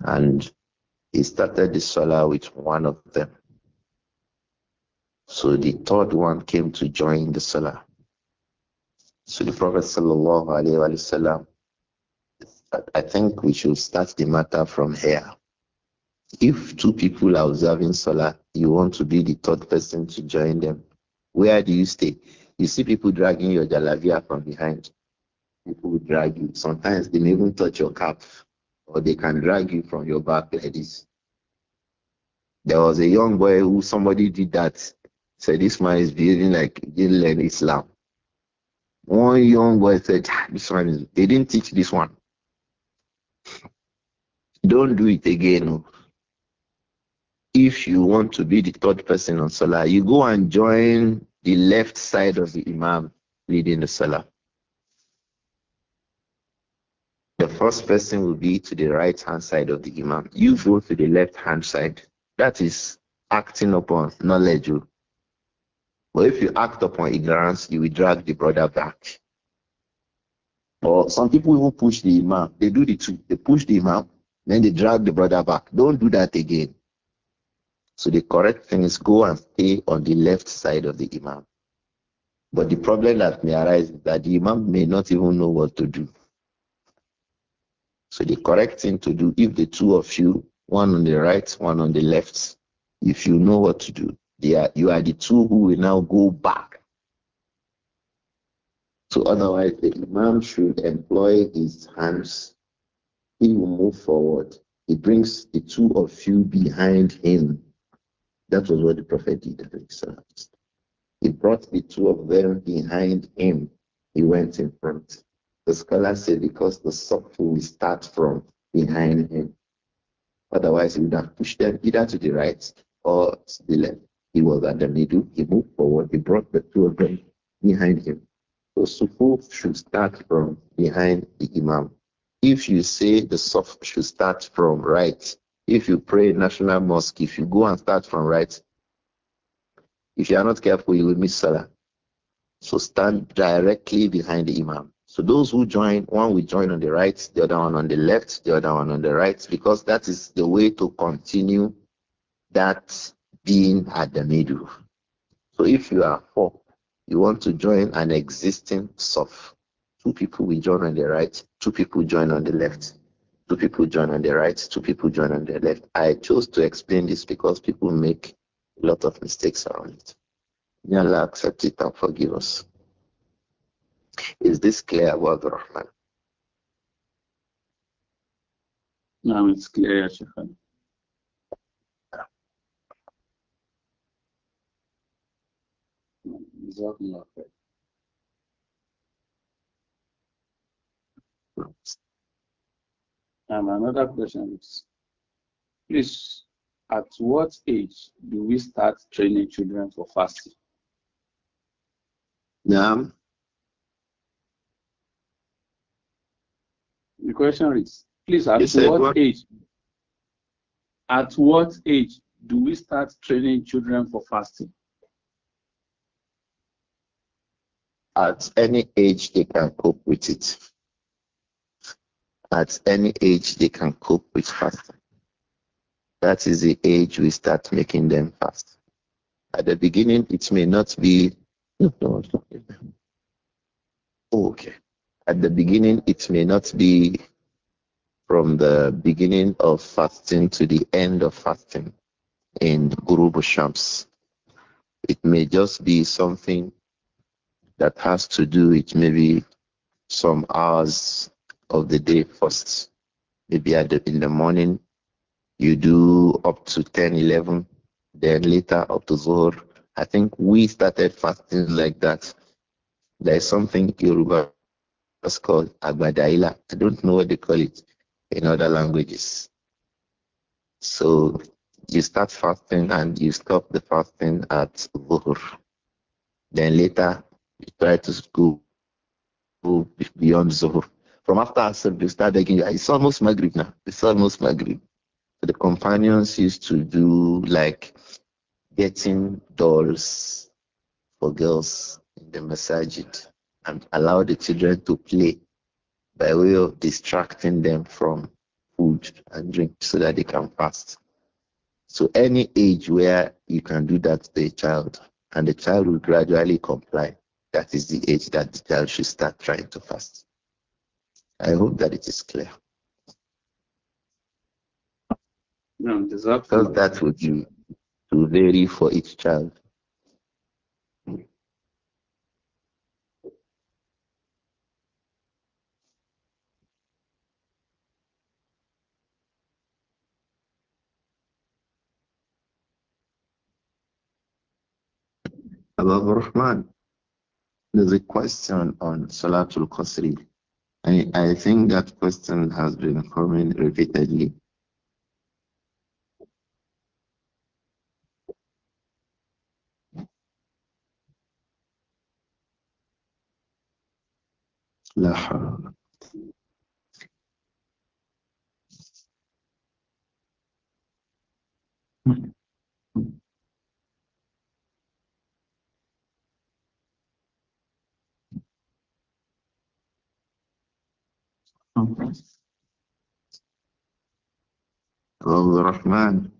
and he started the salah with one of them. So the third one came to join the salah. So the Prophet وسلم, I think we should start the matter from here if two people are observing Salah, you want to be the third person to join them. Where do you stay? You see people dragging your jalavia from behind. People will drag you. Sometimes they may even touch your calf, or they can drag you from your back like this. There was a young boy who somebody did that. Said this man is behaving like he didn't learn Islam. One young boy said, ah, "This one is they didn't teach this one. Don't do it again." if you want to be the third person on Salah, you go and join the left side of the Imam leading the Salah. The first person will be to the right hand side of the Imam. You go to the left hand side. That is acting upon knowledge. Oh. But if you act upon ignorance, you will drag the brother back. Or some people will push the Imam. They do the two. They push the Imam, then they drag the brother back. Don't do that again. So the correct thing is go and stay on the left side of the Imam. But the problem that may arise is that the Imam may not even know what to do. So the correct thing to do, if the two of you, one on the right, one on the left, if you know what to do, are, you are the two who will now go back. So otherwise, the Imam should employ his hands. He will move forward. He brings the two of you behind him that was what the Prophet did. He brought the two of them behind him. He went in front. The scholar said because the Safu will start from behind him. Otherwise, he would have pushed them either to the right or to the left. He was at the middle. He moved forward. He brought the two of them behind him. So sufu should start from behind the Imam. If you say the Saf should start from right, if you pray National Mosque, if you go and start from right, if you are not careful, you will miss Salah. So stand directly behind the Imam. So those who join, one will join on the right, the other one on the left, the other one on the right, because that is the way to continue that being at the middle. So if you are four, you want to join an existing soft. Two people will join on the right, two people join on the left two people join on the right, two people join on the left. I chose to explain this because people make a lot of mistakes around it. May Allah accept it and forgive us. Is this clear, Wad Rahman? No, it's clear, Shekhan. جزاكم and another question is, please, at what age do we start training children for fasting? Yeah. The question is, please, at yes, what, what age? At what age do we start training children for fasting? At any age they can cope with it at any age they can cope with fasting. That is the age we start making them fast. At the beginning, it may not be. No, oh, Okay. At the beginning, it may not be from the beginning of fasting to the end of fasting in Guru Shams. It may just be something that has to do with maybe some hours of the day first. Maybe at the, in the morning, you do up to 10, 11, then later up to Zohar. I think we started fasting like that. There is something Yoruba is called Agbadaila. I don't know what they call it in other languages. So you start fasting and you stop the fasting at Zohar. Then later you try to go beyond Zohar. From after Asr, they start begging you. It's almost Maghrib now. It's almost Maghrib. So the companions used to do like getting dolls for girls in the masajid and allow the children to play by way of distracting them from food and drink so that they can fast. So any age where you can do that to a child and the child will gradually comply, that is the age that the child should start trying to fast. I hope that it is clear. No, because that would be to vary for each child. Above Rahman, there's a question on Salatul Qasri. I, I think that question has been coming repeatedly. عبد الرحمن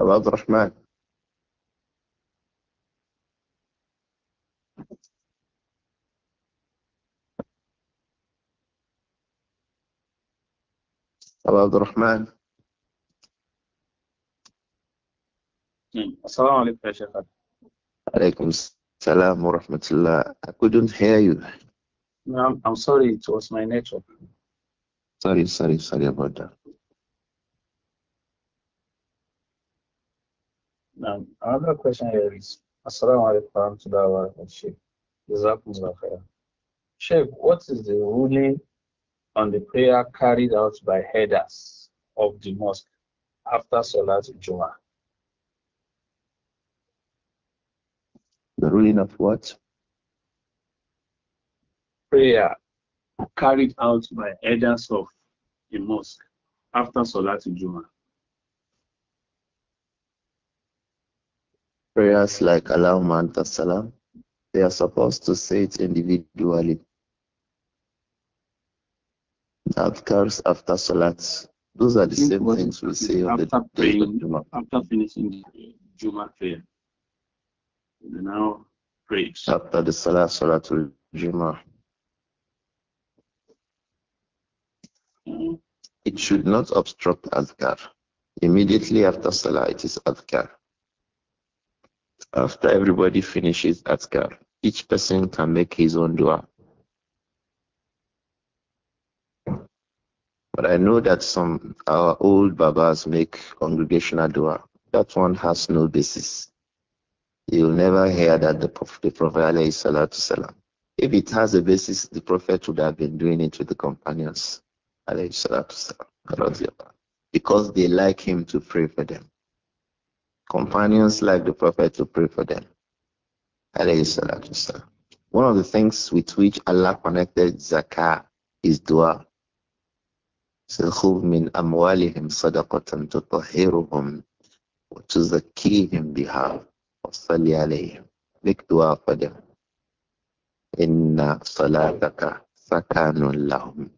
عبد الرحمن أبو عبد الرحمن السلام عليكم يا شيخ عليكم السلام ورحمة الله I couldn't hear you no, I'm sorry it was my network sorry sorry sorry about that نعم another question here is السلام عليكم ورحمة الله وبركاته جزاكم الله خيرا Sheikh, what is the ruling on the prayer carried out by headers of the mosque after Salat Juma. The ruling of what? Prayer carried out by elders of the mosque after Salat Juma. Prayers like Allahumma anta salam, they are supposed to say it individually adhkars after salat. Those are the same things we say on the day of Juma. After finishing uh, Juma prayer, we now After the salat, salatul Juma. Mm-hmm. It should not obstruct adhkar. Immediately after salah, it is adhkar. After everybody finishes adhkar, each person can make his own dua. But I know that some our old Babas make congregational dua. That one has no basis. You'll never hear that the Prophet, the Prophet salam. if it has a basis, the Prophet would have been doing it with the companions. because they like him to pray for them. Companions like the Prophet to pray for them. One of the things with which Allah connected zakah is dua. خذ من أموالهم صدقة تطهرهم وتزكيهم بها وصل عليهم make دُعَاءٍ for them إن صلاتك سكن لهم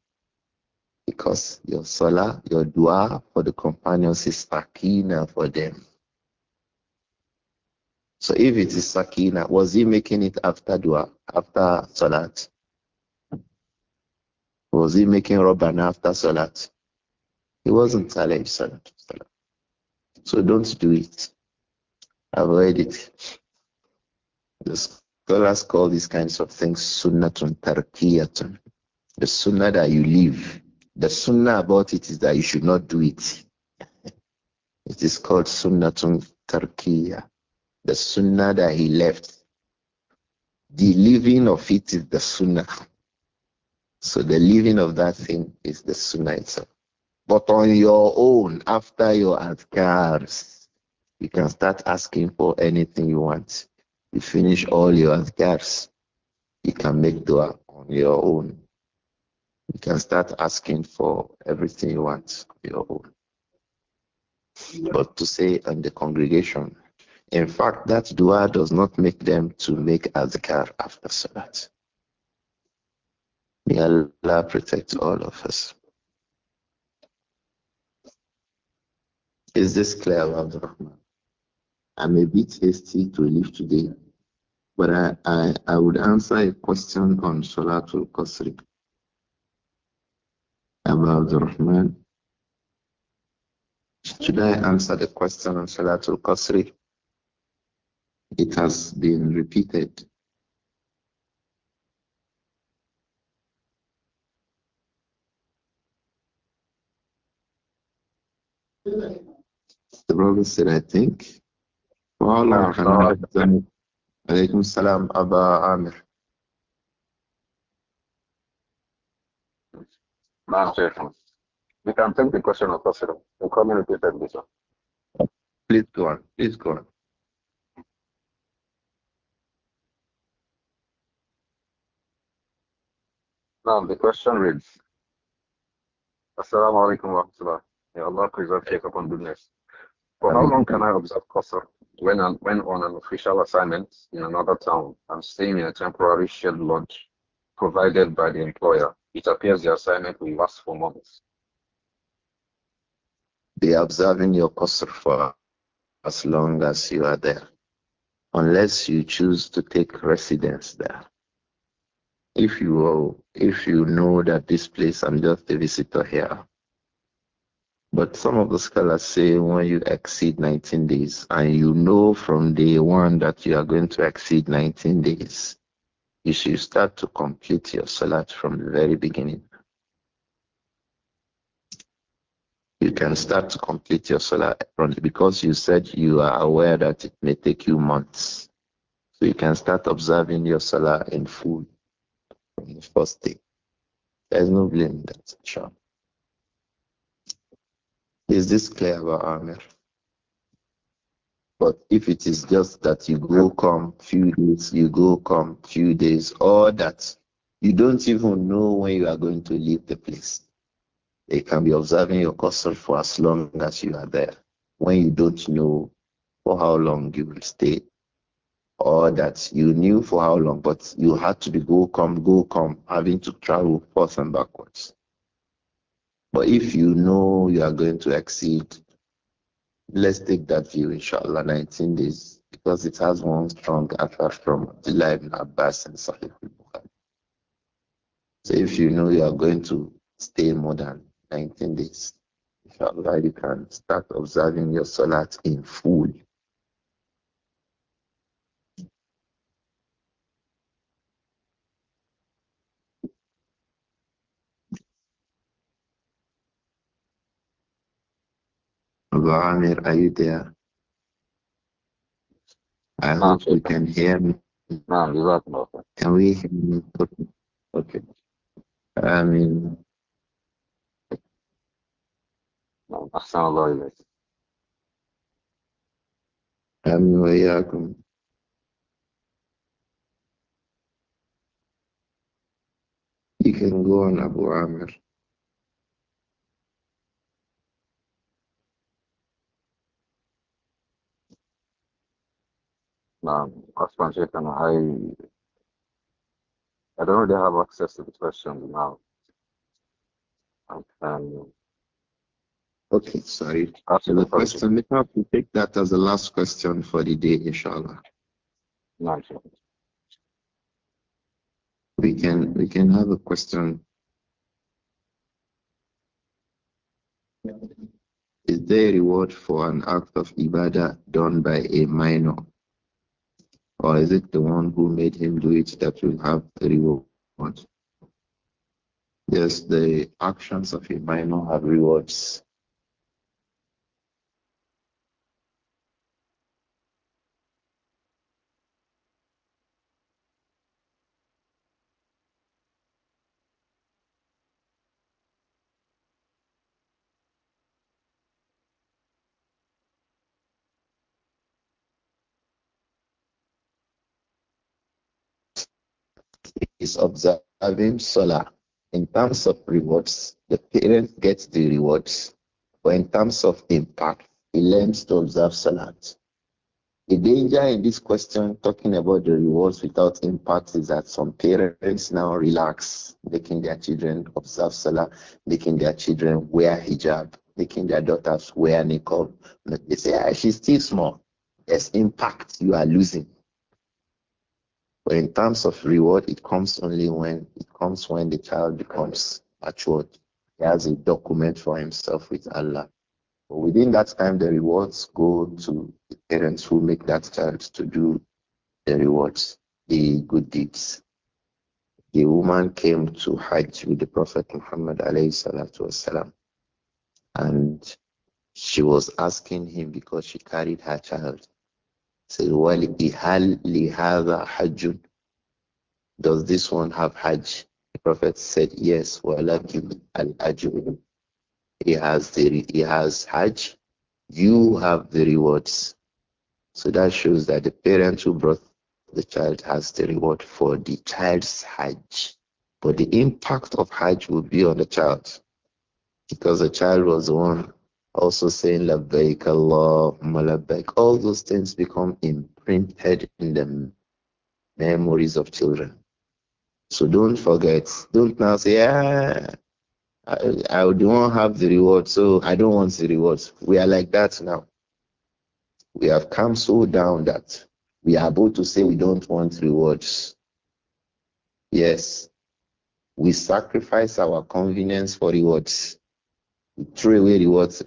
because your salah, your dua for the companions is sakina for them. So if it is sakina, was he making it after dua, after salat? Was he making rubber? after Salat? He wasn't, alayhi mm. salam. So don't do it. Avoid it. The scholars call these kinds of things sunnatun tarkiyatun. The sunnah that you leave, The sunnah about it is that you should not do it. It is called sunnatun tarkiyah. The sunnah that he left. The living of it is the sunnah. So the living of that thing is the sunnah itself. But on your own, after your adhkars, you can start asking for anything you want. You finish all your adhkars, you can make dua on your own. You can start asking for everything you want on your own. But to say on the congregation, in fact, that dua does not make them to make adhkar after salat. May Allah protect all of us. Is this clear, Rahman? I'm a bit hasty to leave today, but I, I, I would answer a question on Salatul Qasri. About Rahman. Should I answer the question on Salatul Qasri? It has been repeated the brother said, I think. Alaykum salam, Aba Amir. We can take the question of Tasir. The community said this one. Please go on. Please go on. Now the question reads Assalamu alaikum wa rahmatullah. May Allah preserve you on goodness. For how um, long can I observe Qasr when, I'm, when on an official assignment in another town? and staying in a temporary shared lodge provided by the employer. It appears the assignment will last for months. Be observing your Qasr for as long as you are there, unless you choose to take residence there. If you, if you know that this place, I'm just a visitor here, but some of the scholars say when you exceed 19 days and you know from day one that you are going to exceed 19 days, you should start to complete your salat from the very beginning. You can start to complete your salat because you said you are aware that it may take you months. So you can start observing your salah in full from the first day. There's no blame in that, sure. Is this clear, about Amir? But if it is just that you go come few days, you go come few days, or that you don't even know when you are going to leave the place, they can be observing your custom for as long as you are there. When you don't know for how long you will stay, or that you knew for how long, but you had to be go come, go come, having to travel forth and backwards. But if you know you are going to exceed, let's take that view, inshallah, 19 days, because it has one strong effect from Abdullah ibn Abbas and Sahih al-Bukhari. So if you know you are going to stay more than 19 days, inshallah, you can start observing your salat in full. Abu Amir, are you there? I hope you can hear me. Can we hear me? Okay. I mean, I'm إليك آمين You can go on Abu Amir. Now, um, as Franciscan, I I don't really have access to the questions now. Um, um okay, sorry. So the question, we have to take that as the last question for the day, inshallah. Nice. We can we can have a question. Is there a reward for an act of ibadah done by a minor? Or is it the one who made him do it that will have the reward? Yes, the actions of a minor have rewards. is observing Salah, in terms of rewards, the parent gets the rewards, but in terms of impact, he learns to observe Salah. The danger in this question, talking about the rewards without impact, is that some parents now relax, making their children observe Salah, making their children wear hijab, making their daughters wear niqab. They say, ah, she's still small. There's impact you are losing. But in terms of reward, it comes only when it comes when the child becomes matured. He has a document for himself with Allah. But within that time, the rewards go to the parents who make that child to do the rewards, the good deeds. The woman came to Hajj with the Prophet Muhammad wasalam, and she was asking him because she carried her child said, Waliki hal lihada Hajj? Does this one have hajj? The Prophet said, Yes, walakin al He has the he has hajj. You have the rewards. So that shows that the parent who brought the child has the reward for the child's hajj. But the impact of hajj will be on the child because the child was the one also saying labbaik Allahumma labbaik. All those things become imprinted in the memories of children. So don't forget. Don't now say, ah, I, I don't have the reward, so I don't want the rewards. We are like that now. We have come so down that we are about to say we don't want rewards. Yes, we sacrifice our convenience for rewards. We throw away rewards.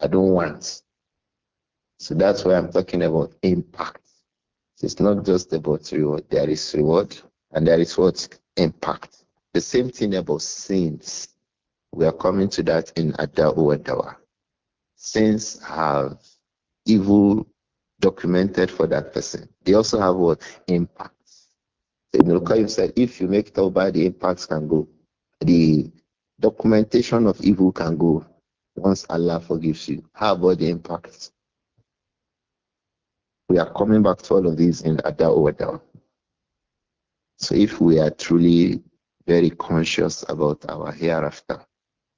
I don't want. So that's why I'm talking about impact. It's not just about reward. There is reward and there is what impact. The same thing about sins. We are coming to that in Ada'u Dawa. Sins have evil documented for that person. They also have what impact. So Ibn Qayyim said, if you make tawbah, the impacts can go. The documentation of evil can go once Allah forgives you. How about the impact? We are coming back to all of these in or Adao. So if we are truly very conscious about our hereafter,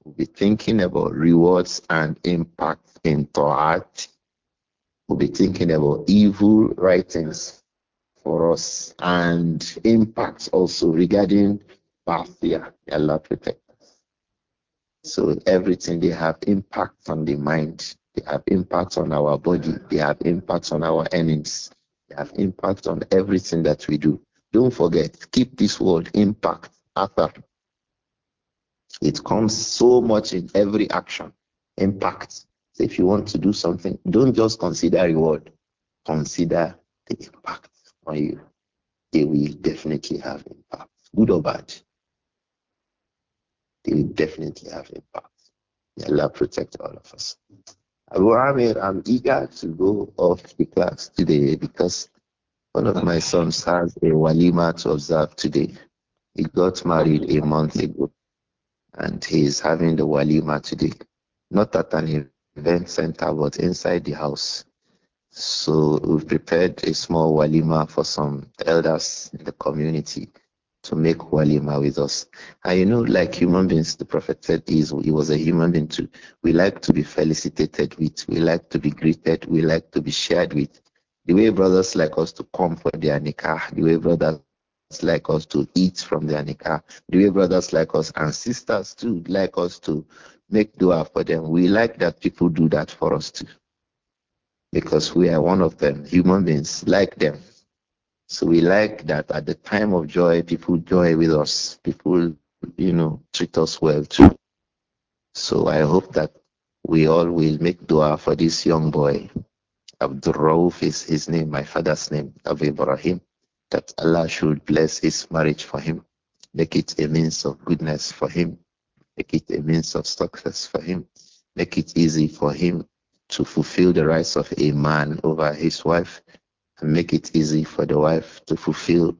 we'll be thinking about rewards and impact in Ta'at. We'll be thinking about evil writings for us and impacts also regarding Bafia. Allah protect so everything they have impact on the mind, they have impact on our body, they have impact on our earnings, they have impact on everything that we do. Don't forget, keep this word impact after. It comes so much in every action. Impact. So if you want to do something, don't just consider reward. Consider the impact on you. They will definitely have impact, good or bad they will definitely have impact. May Allah protect all of us. Abu Amir, I'm eager to go off the class today because one of my sons has a walima to observe today. He got married a month ago and he is having the walima today. Not at an event center, but inside the house. So we prepared a small walima for some elders in the community to make walima with us. And you know, like human beings, the Prophet said he, he was a human being too. We like to be felicitated with, we like to be greeted, we like to be shared with. The way brothers like us to come for their nikah, the way brothers like us to eat from their nikah, the way brothers like us and sisters too like us to make dua for them. We like that people do that for us too. Because we are one of them, human beings like them so we like that at the time of joy, people joy with us. People, you know, treat us well too. So I hope that we all will make dua for this young boy. Abdul Rauf is his name, my father's name, of Ibrahim, that Allah should bless his marriage for him, make it a means of goodness for him, make it a means of success for him, make it easy for him to fulfill the rights of a man over his wife, to make it easy for the wife to fulfill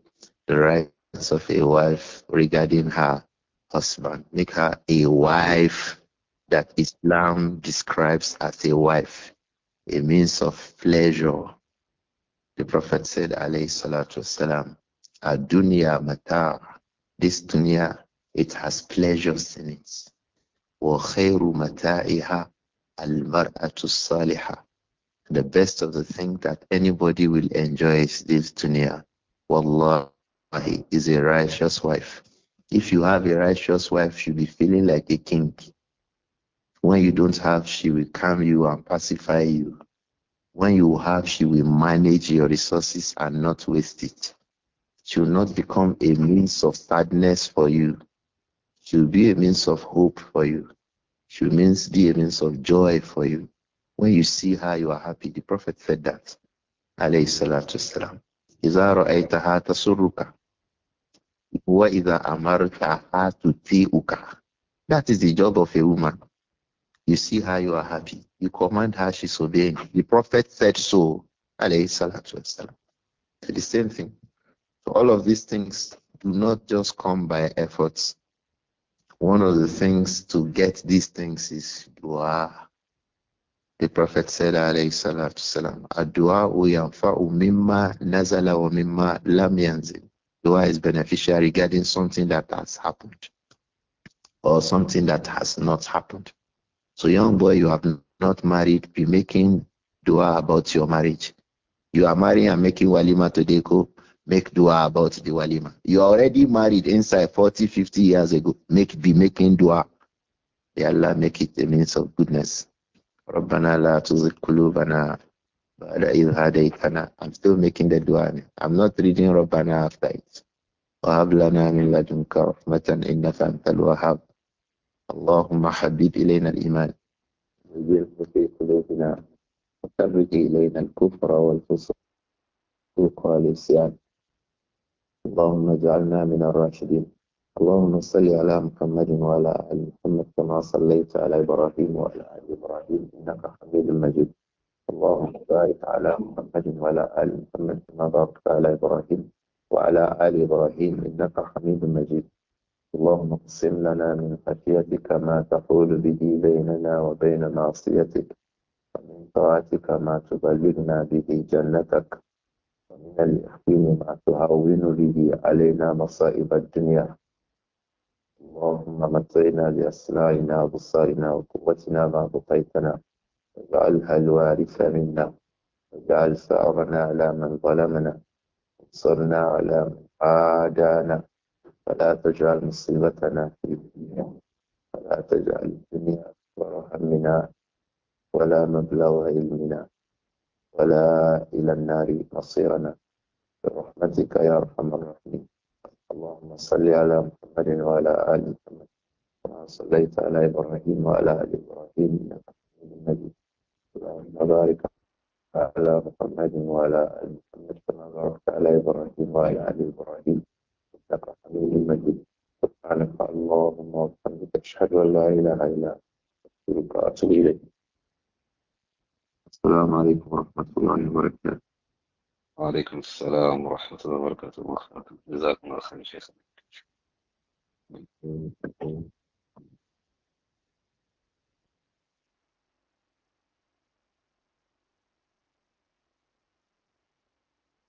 the rights of a wife regarding her husband. Make her a wife that Islam describes as a wife, a means of pleasure. The Prophet said, alayhi salatu wasalam, matar, this dunya, it has pleasures in it. وَخَيْرُ مَتَاعِهَا الْمَرْأَةُ الصَّالِحَةُ the best of the thing that anybody will enjoy is this dunya. Wallah, is a righteous wife. If you have a righteous wife, she'll be feeling like a king. When you don't have, she will calm you and pacify you. When you have, she will manage your resources and not waste it. She will not become a means of sadness for you. She will be a means of hope for you. She will be a means of joy for you when you see her, you are happy. The Prophet said that. Alayhi salatu wasalam. إذا رأيتها تسرك وإذا أمرتها تطيعك That is the job of a woman. You see her, you are happy. You command her, she's obeying. The Prophet said so. Alayhi salatu salam. The same thing. So all of these things do not just come by efforts. One of the things to get these things is dua. The Prophet said, alayhi salatu salam, Adua yanfa'u mimma nazala wa mimma lam yanzil. Dua is beneficial regarding something that has happened or something that has not happened. So, young boy, you have not married, be making dua about your marriage. You are marrying and making walima today, go make dua about the walima. You are already married inside 40, 50 years ago, make be making dua. May Allah make it a means of goodness. ربنا لا تزغ قلوبنا بعد إذ هديتنا I'm still making the dua I'm not reading ربنا after it وهب لنا من لدنك رحمة إنك أنت الوهاب اللهم حبيب إلينا الإيمان وزيره في قلوبنا وفرج إلينا الكفر والفسوق والعصيان اللهم اجعلنا من الراشدين اللهم صل على محمد وعلى آل محمد كما صليت على إبراهيم وعلى آل إبراهيم إنك حميد مجيد اللهم بارك على محمد وعلى آل محمد كما باركت على إبراهيم وعلى آل إبراهيم إنك حميد مجيد اللهم اقسم لنا من خشيتك ما تحول به بيننا وبين معصيتك ومن طاعتك ما تبلغنا به جنتك ومن اليقين ما تهون به علينا مصائب الدنيا اللهم متعنا بأسمائنا وبصرنا وقوتنا ما بقيتنا واجعلها الوارث منا واجعل ثأرنا على من ظلمنا وانصرنا على من عادانا فلا تجعل مصيبتنا في الدنيا ولا تجعل الدنيا أكبر همنا ولا مبلغ علمنا ولا إلى النار مصيرنا برحمتك يا أرحم الراحمين اللهم صل على محمد وعلى آل محمد كما صليت على إبراهيم وعلى آل إبراهيم إنك حميد مجيد اللهم بارك على محمد وعلى آل محمد كما باركت على إبراهيم وعلى آل إبراهيم إنك حميد مجيد سبحانك اللهم وبحمدك أشهد أن لا إله إلا أنت أستغفرك وأتوب إليك السلام عليكم ورحمة الله وبركاته وعليكم السلام ورحمة الله وبركاته جزاكم الله خير شيخنا